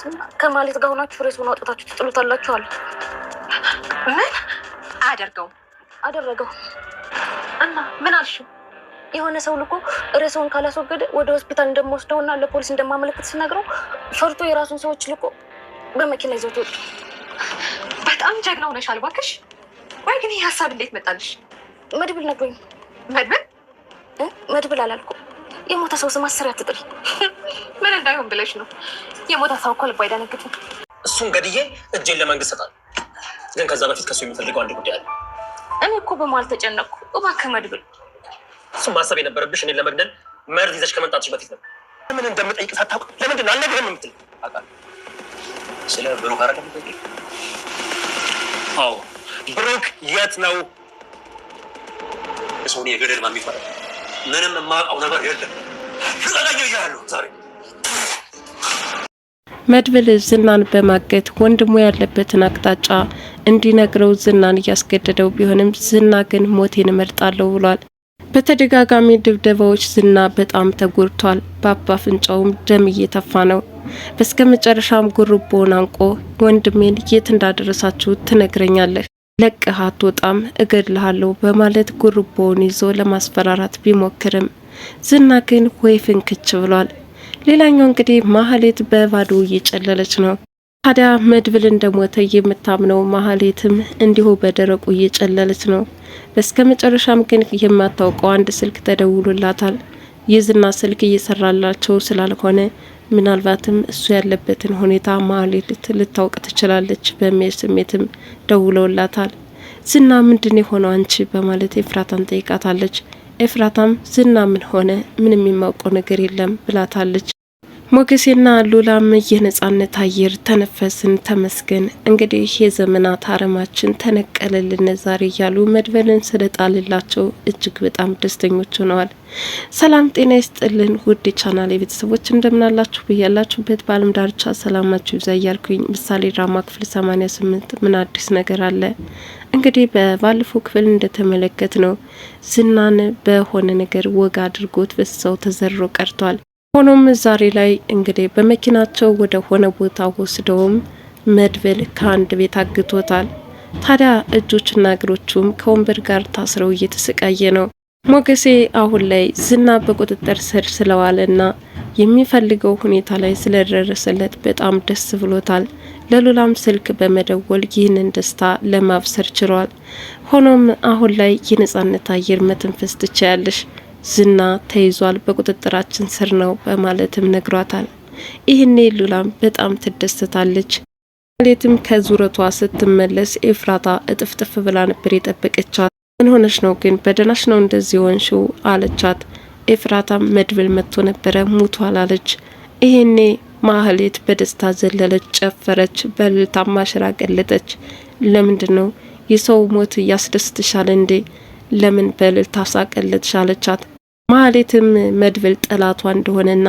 ታመጧትና ከማሌት ጋር ሆናችሁ ሬሱን አውጥታችሁ ትጥሉታላችሁ አለ። ምን አደርገው አደረገው እና ምን አልሽው? የሆነ ሰው ልኮ ሬሳውን ካላስወገደ ወደ ሆስፒታል እንደምወስደው እና ለፖሊስ እንደማመለክት ስነግረው ፈርቶ የራሱን ሰዎች ልኮ በመኪና ይዘው ትወጡ። በጣም ጀግና ሆነሽ አልባክሽ። ወይ ግን ይህ ሀሳብ እንዴት መጣልሽ? መድብል ነግሮኝ። መድብል መድብል አላልኩም የሞተ ሰው ስም አስር አትጥል። ምን እንዳይሆን ብለሽ ነው? የሞተ ሰው እኮ ልብ አይደነግጥም። እሱን ገድዬ እጄን ለመንግስት ሰጣል። ግን ከዛ በፊት ከሱ የሚፈልገው አንድ ጉዳይ አለ። እኔ እኮ በመዋል ተጨነቅኩ። እባክህ መድብል፣ እሱ ማሰብ የነበረብሽ እኔን ለመግደል መርዝ ይዘሽ ከመምጣትሽ በፊት ነው። ምን እንደምጠይቅ ሳታውቅ ለምንድን ነው አልነግርህም የምትል? ስለ ብሩክ አረገ። አዎ ብሩክ የት ነው? ሰውን የገደል ማሚፈራ ምንም የማውቀው ነገር የለም። ፍቃደኛ እያለሁ ዛሬ መድብል ዝናን በማገት ወንድሙ ያለበትን አቅጣጫ እንዲነግረው ዝናን እያስገደደው ቢሆንም ዝና ግን ሞቴን እመርጣለሁ ብሏል። በተደጋጋሚ ድብደባዎች ዝና በጣም ተጎድቷል። በአባ ፍንጫውም ደም እየተፋ ነው። በስከ መጨረሻም ጉርቦውን አንቆ ወንድሜን የት እንዳደረሳችሁ ትነግረኛለህ ለቀህ አትወጣም እገድልሃለሁ በማለት ጉርቦውን ይዞ ለማስፈራራት ቢሞክርም ዝና ግን ወይ ፍንክች ብሏል። ሌላኛው እንግዲህ ማህሌት በባዶ እየጨለለች ነው። ታዲያ መድብል እንደሞተ የምታምነው ማህሌትም እንዲሁ በደረቁ እየጨለለች ነው። በስከ መጨረሻም ግን የማታውቀው አንድ ስልክ ተደውሎላታል። የዝና ስልክ እየሰራላቸው ስላልሆነ ምናልባትም እሱ ያለበትን ሁኔታ ማህሌት ልታውቅ ትችላለች በሚል ስሜትም ደውለውላታል። ዝና ምንድን የሆነው አንቺ በማለት ኤፍራታን ጠይቃታለች። ኤፍራታም ዝና ምን ሆነ ምን የማውቀው ነገር የለም ብላታለች። ሞገሴና ሉላም የነጻነት አየር ተነፈስን ተመስገን፣ እንግዲህ የዘመናት አረማችን ተነቀለልን ዛሬ እያሉ መድበልን ስለጣልላቸው እጅግ በጣም ደስተኞች ሆነዋል። ሰላም ጤና ይስጥልን ውድ ቻናል የቤተሰቦች እንደምናላችሁ ብያላችሁበት በአለም ዳርቻ ሰላማችሁ ይብዛ እያልኩኝ ምሳሌ ድራማ ክፍል 88 ምን አዲስ ነገር አለ? እንግዲህ በባለፈው ክፍል እንደተመለከት ነው ዝናን በሆነ ነገር ወግ አድርጎት በሳው ተዘሮ ቀርቷል። ሆኖም ዛሬ ላይ እንግዲህ በመኪናቸው ወደ ሆነ ቦታ ወስደውም መድብል ከአንድ ቤት አግቶታል። ታዲያ እጆችና እግሮቹም ከወንበር ጋር ታስረው እየተሰቃየ ነው። ሞገሴ አሁን ላይ ዝና በቁጥጥር ስር ስለዋለና የሚፈልገው ሁኔታ ላይ ስለደረሰለት በጣም ደስ ብሎታል። ለሉላም ስልክ በመደወል ይህንን ደስታ ለማብሰር ችሏል። ሆኖም አሁን ላይ የነጻነት አየር መተንፈስ ትችያለሽ ዝና ተይዟል፣ በቁጥጥራችን ስር ነው በማለትም ነግሯታል። ይህኔ ሉላም በጣም ትደሰታለች። ማለትም ከዙረቷ ስትመለስ ኤፍራታ እጥፍጥፍ ብላ ነበር የጠበቀቻት። ምን ሆነች ነው ግን በደናሽ ነው እንደዚህ ሆንሽው? አለቻት። ኤፍራታ መድብል መጥቶ ነበረ ሙቷል አለች። ይህኔ ማህሌት በደስታ ዘለለች፣ ጨፈረች፣ በልታ ማሽራ ቀለጠች ለምንድን ነው የሰው ሞት እያስደስትሻል እንዴ? ለምን በልል ታሳቀለት አለቻት። ማህሌትም መድብል ጠላቷ እንደሆነና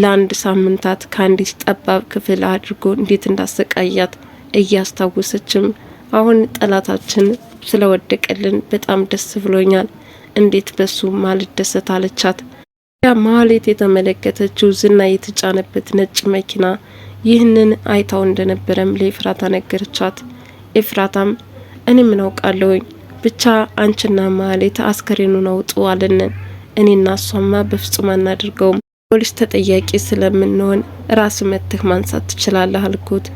ለአንድ ሳምንታት ከአንዲት ጠባብ ክፍል አድርጎ እንዴት እንዳሰቃያት እያስታወሰችም አሁን ጠላታችን ስለወደቀልን በጣም ደስ ብሎኛል፣ እንዴት በሱ ማልደሰት አለቻት። ያ ማህሌት የተመለከተችው ዝና የተጫነበት ነጭ መኪና ይህንን አይታው እንደነበረም ለኤፍራታ ነገረቻት። ኤፍራታም እኔ ምን አውቃለሁኝ ብቻ አንቺና ማህሌት አስከሬኑን አውጡ አለን። እኔና እሷማ በፍጹም አናድርገውም፣ ፖሊስ ተጠያቂ ስለምንሆን ራስ መትህ ማንሳት ትችላለህ አልኩት።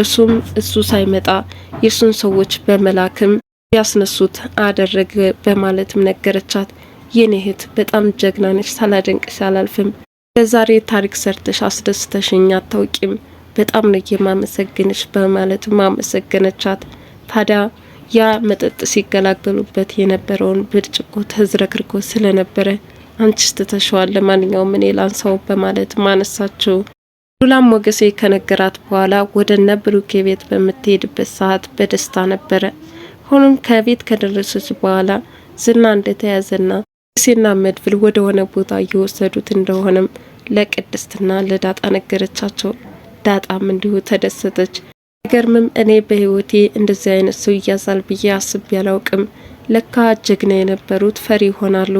እርሱም እሱ ሳይመጣ የእሱን ሰዎች በመላክም ያስነሱት አደረገ በማለትም ነገረቻት። የኔ እህት በጣም ጀግና ነሽ፣ ሳላደንቅሽ አላልፍም። ለዛሬ ታሪክ ሰርተሽ አስደስተሽኝ አታውቂም። በጣም ነው የማመሰግንሽ በማለትም አመሰገነቻት። ታዲያ ያ መጠጥ ሲገላገሉበት የነበረውን ብርጭቆ ተዝረክርኮ ስለነበረ አንቺ ትተሸዋል፣ ለማንኛውም እኔ ላንሳው በማለት ማነሳቸው ሉላም ሞገሴ ከነገራት በኋላ ወደ እነ ብሩኬ ቤት በምትሄድበት ሰዓት በደስታ ነበረ። ሆኖም ከቤት ከደረሰች በኋላ ዝና እንደተያዘና ሴና መድብል ወደ ሆነ ቦታ እየወሰዱት እንደሆነም ለቅድስትና ለዳጣ ነገረቻቸው። ዳጣም እንዲሁ ተደሰተች። ይገርምም እኔ በህይወቴ እንደዚህ አይነት ሰው እያዛል ብዬ አስቤ አላውቅም። ለካ ጀግና የነበሩት ፈሪ ይሆናሉ።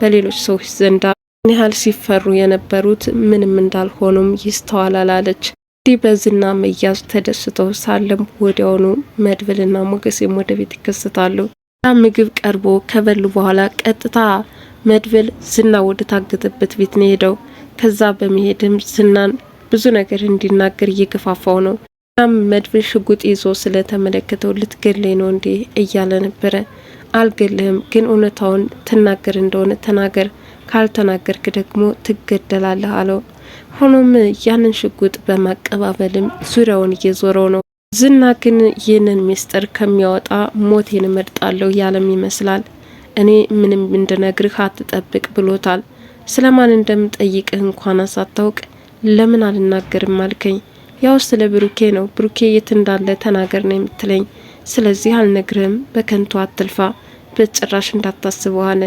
በሌሎች ሰዎች ዘንዳ ምን ያህል ሲፈሩ የነበሩት ምንም እንዳልሆኑም ይስተዋላል አለች። እንዲህ በዝና መያዙ ተደስተው ሳለም ወዲያውኑ መድብልና ሞገሴም ወደ ቤት ይከሰታሉ። ምግብ ቀርቦ ከበሉ በኋላ ቀጥታ መድብል ዝና ወደ ታገተበት ቤት ነው ሄደው። ከዛ በመሄድም ዝናን ብዙ ነገር እንዲናገር እየገፋፋው ነው። አም መድብል ሽጉጥ ይዞ ስለተመለከተው ልትገሌ ነው እንዴ እያለ ነበረ። አልገልህም፣ ግን እውነታውን ትናገር እንደሆነ ተናገር፣ ካልተናገርክ ደግሞ ትገደላለህ አለው። ሆኖም ያንን ሽጉጥ በማቀባበልም ዙሪያውን እየዞረው ነው። ዝና ግን ይህንን ሚስጥር ከሚያወጣ ሞቴን እመርጣለሁ ያለም ይመስላል። እኔ ምንም እንድነግርህ አትጠብቅ ብሎታል። ስለማን እንደምጠይቅህ እንኳን አሳታውቅ ለምን አልናገርም አልከኝ ያው ስለ ብሩኬ ነው። ብሩኬ የት እንዳለ ተናገር ነው የምትለኝ። ስለዚህ አልነግርህም፣ በከንቱ አትልፋ፣ በጭራሽ እንዳታስበው አለ።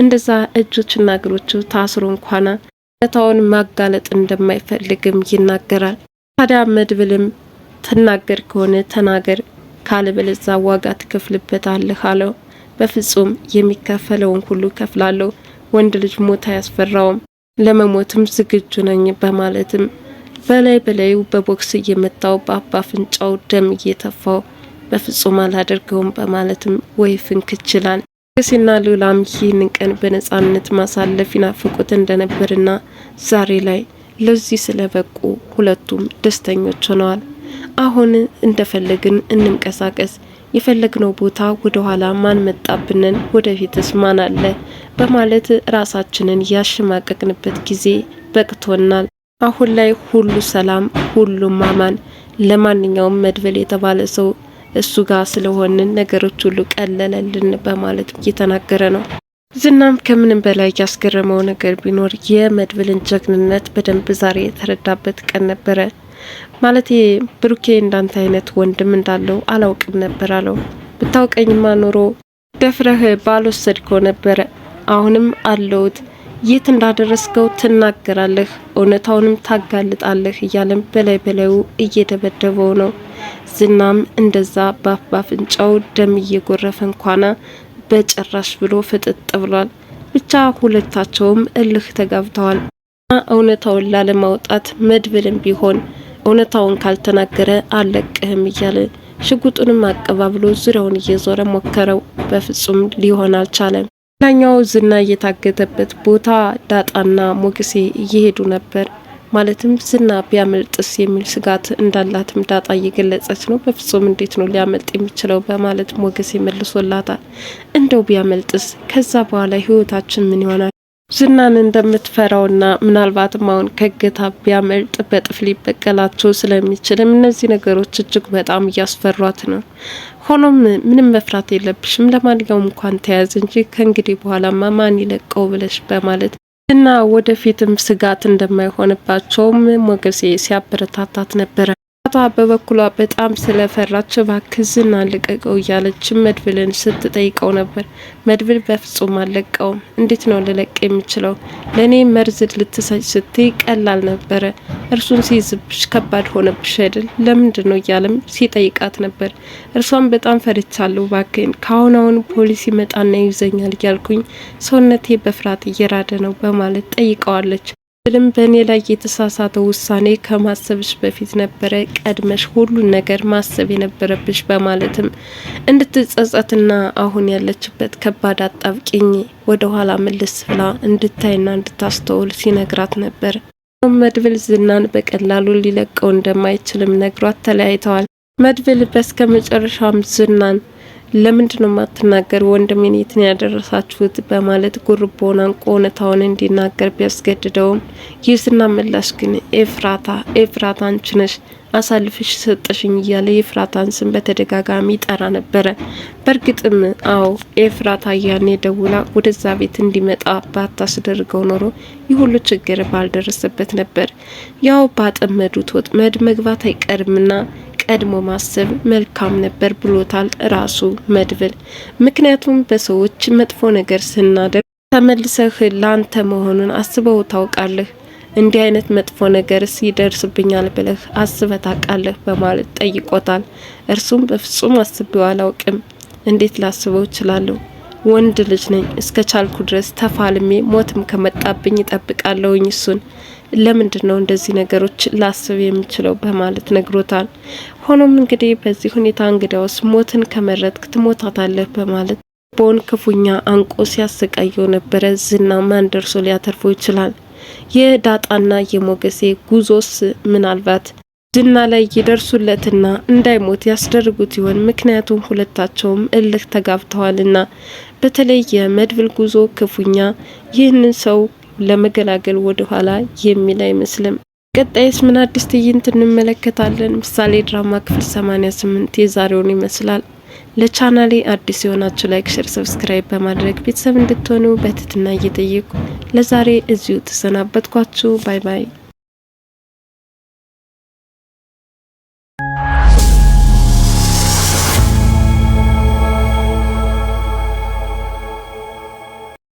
እንደዛ እጆችና እግሮቹ ታስሮ እንኳና እውነታውን ማጋለጥ እንደማይፈልግም ይናገራል። ታዲያ መድብልም ትናገር ከሆነ ተናገር፣ ካለበለዛ ዋጋ ትከፍልበታለህ አለው። በፍጹም የሚከፈለውን ሁሉ ከፍላለሁ። ወንድ ልጅ ሞት አያስፈራውም፣ ለመሞትም ዝግጁ ነኝ በማለትም በላይ በላዩ በቦክስ እየመታው በአባ አፍንጫው ደም እየተፋው በፍጹም አላደርገውም በማለትም ወይ ፍንክ ይችላል። ሞገሴና ሉላም ይህንን ቀን በነጻነት ማሳለፍ ይናፍቁት እንደነበርና ዛሬ ላይ ለዚህ ስለበቁ ሁለቱም ደስተኞች ሆነዋል። አሁን እንደፈለግን እንንቀሳቀስ፣ የፈለግነው ቦታ ወደ ኋላ ማን መጣብንን፣ ወደፊትስ ማን አለ በማለት ራሳችንን ያሸማቀቅንበት ጊዜ በቅቶናል። አሁን ላይ ሁሉ ሰላም፣ ሁሉም አማን። ለማንኛውም መድብል የተባለ ሰው እሱ ጋር ስለሆንን ነገሮች ሁሉ ቀለለልን በማለት እየተናገረ ነው። ዝናም ከምንም በላይ ያስገረመው ነገር ቢኖር የመድብልን ጀግንነት በደንብ ዛሬ የተረዳበት ቀን ነበረ። ማለት ብሩኬ እንዳንተ አይነት ወንድም እንዳለው አላውቅም ነበር አለው። ብታውቀኝማ ኖሮ ደፍረህ ባልወሰድከው ነበረ። አሁንም አለውት የት እንዳደረስከው ትናገራለህ፣ እውነታውንም ታጋልጣለህ እያለም በላይ በላዩ እየደበደበው ነው። ዝናም እንደዛ ባፍ ባፍንጫው ደም እየጎረፈ እንኳና በጭራሽ ብሎ ፍጥጥ ብሏል። ብቻ ሁለታቸውም እልህ ተጋብተዋል። እውነታውን ላለማውጣት መድብልም ቢሆን እውነታውን ካልተናገረ አለቅህም እያለ ሽጉጡንም አቀባብሎ ዙሪያውን እየዞረ ሞከረው። በፍጹም ሊሆን አልቻለም። ሌላኛው ዝና እየታገተበት ቦታ ዳጣና ሞገሴ እየሄዱ ነበር። ማለትም ዝና ቢያመልጥስ የሚል ስጋት እንዳላትም ዳጣ እየገለጸች ነው። በፍጹም እንዴት ነው ሊያመልጥ የሚችለው በማለት ሞገሴ መልሶላታል። እንደው ቢያመልጥስ ከዛ በኋላ ህይወታችን ምን ይሆናል? ዝናን እንደምትፈራውና ምናልባትም አሁን ከእገታ ቢያመልጥ በጥፍ ሊበቀላቸው ስለሚችልም እነዚህ ነገሮች እጅግ በጣም እያስፈሯት ነው። ሆኖም ምንም መፍራት የለብሽም ለማንኛውም እንኳን ተያዝ እንጂ ከእንግዲህ በኋላማ ማን ይለቀው ብለሽ በማለት እና ወደፊትም ስጋት እንደማይሆንባቸውም ሞገሴ ሲያበረታታት ነበረ። ናታ በበኩሏ በጣም ስለፈራች እባክህ ዝናን ልቀቀው እያለች መድብልን ስትጠይቀው ነበር። መድብል በፍጹም አልለቀውም፣ እንዴት ነው ልለቅ የምችለው? ለእኔ መርዝ ልትሰጭ ስትይ ቀላል ነበረ፣ እርሱን ሲይዝብሽ ከባድ ሆነብሽ አይደል? ለምንድን ነው እያለም ሲጠይቃት ነበር። እርሷም በጣም ፈርቻለሁ፣ እባክህን ከአሁን አሁን ፖሊስ ይመጣና ይይዘኛል እያልኩኝ ሰውነቴ በፍርሃት እየራደ ነው በማለት ጠይቀዋለች። ምንም በእኔ ላይ የተሳሳተ ውሳኔ ከማሰብሽ በፊት ነበረ ቀድመሽ ሁሉን ነገር ማሰብ የነበረብሽ በማለትም እንድትጸጸትና አሁን ያለችበት ከባድ አጣብቂኝ ወደኋላ ምልስ ብላ እንድታይና እንድታስተውል ሲነግራት ነበር። መድብል ዝናን በቀላሉ ሊለቀው እንደማይችልም ነግሯት ተለያይተዋል። መድብል በስከ መጨረሻም ዝናን ለምንድን ነው የማትናገር? ወንድሜን የት ያደረሳችሁት? በማለት ጉርቦን አንቆ እውነታውን እንዲናገር ቢያስገድደውም ይስና ምላሽ ግን ኤፍራታ ኤፍራታ አንቺ ነሽ አሳልፍሽ ሰጠሽኝ እያለ የኤፍራታን ስም በተደጋጋሚ ጠራ ነበረ። በእርግጥም አዎ ኤፍራታ ያኔ ደውላ ወደዛ ቤት እንዲመጣ ባታስደርገው ኖሮ ይህ ሁሉ ችግር ባልደረሰበት ነበር። ያው ባጠመዱት ወጥመድ መግባት አይቀርምና ቀድሞ ማሰብ መልካም ነበር ብሎታል ራሱ መድብል። ምክንያቱም በሰዎች መጥፎ ነገር ስናደርግ ተመልሰህ ላንተ መሆኑን አስበው ታውቃለህ? እንዲህ አይነት መጥፎ ነገርስ ይደርስብኛል ብለህ አስበ ታውቃለህ? በማለት ጠይቆታል። እርሱም በፍጹም አስቤው አላውቅም፣ እንዴት ላስበው እችላለሁ ወንድ ልጅ ነኝ። እስከ ቻልኩ ድረስ ተፋልሜ ሞትም ከመጣብኝ ጠብቃለሁኝ እሱን ለምንድን ነው እንደዚህ ነገሮች ላስብ የምችለው በማለት ነግሮታል። ሆኖም እንግዲህ በዚህ ሁኔታ እንግዳውስ ሞትን ከመረጥክ ትሞታታለህ በማለት ቦን ክፉኛ አንቆ ሲያሰቃየው ነበረ። ዝና ማን ደርሶ ሊያተርፎ ይችላል? የዳጣና የሞገሴ ጉዞስ ምናልባት ዝና ላይ ይደርሱለትና እንዳይሞት ያስደርጉት ይሆን? ምክንያቱም ሁለታቸውም እልህ ተጋብተዋልና። በተለይ የመድብል ጉዞ ክፉኛ ይህንን ሰው ለመገላገል ወደኋላ የሚል አይመስልም። ቀጣይስ ምን አዲስ ትዕይንት እንመለከታለን? ምሳሌ ድራማ ክፍል 88 የዛሬውን ይመስላል። ለቻናሌ አዲስ የሆናችሁ ላይክ፣ ሸር፣ ሰብስክራይብ በማድረግ ቤተሰብ እንድትሆኑ በትህትና እየጠየቁ ለዛሬ እዚሁ ተሰናበትኳችሁ። ባይ ባይ።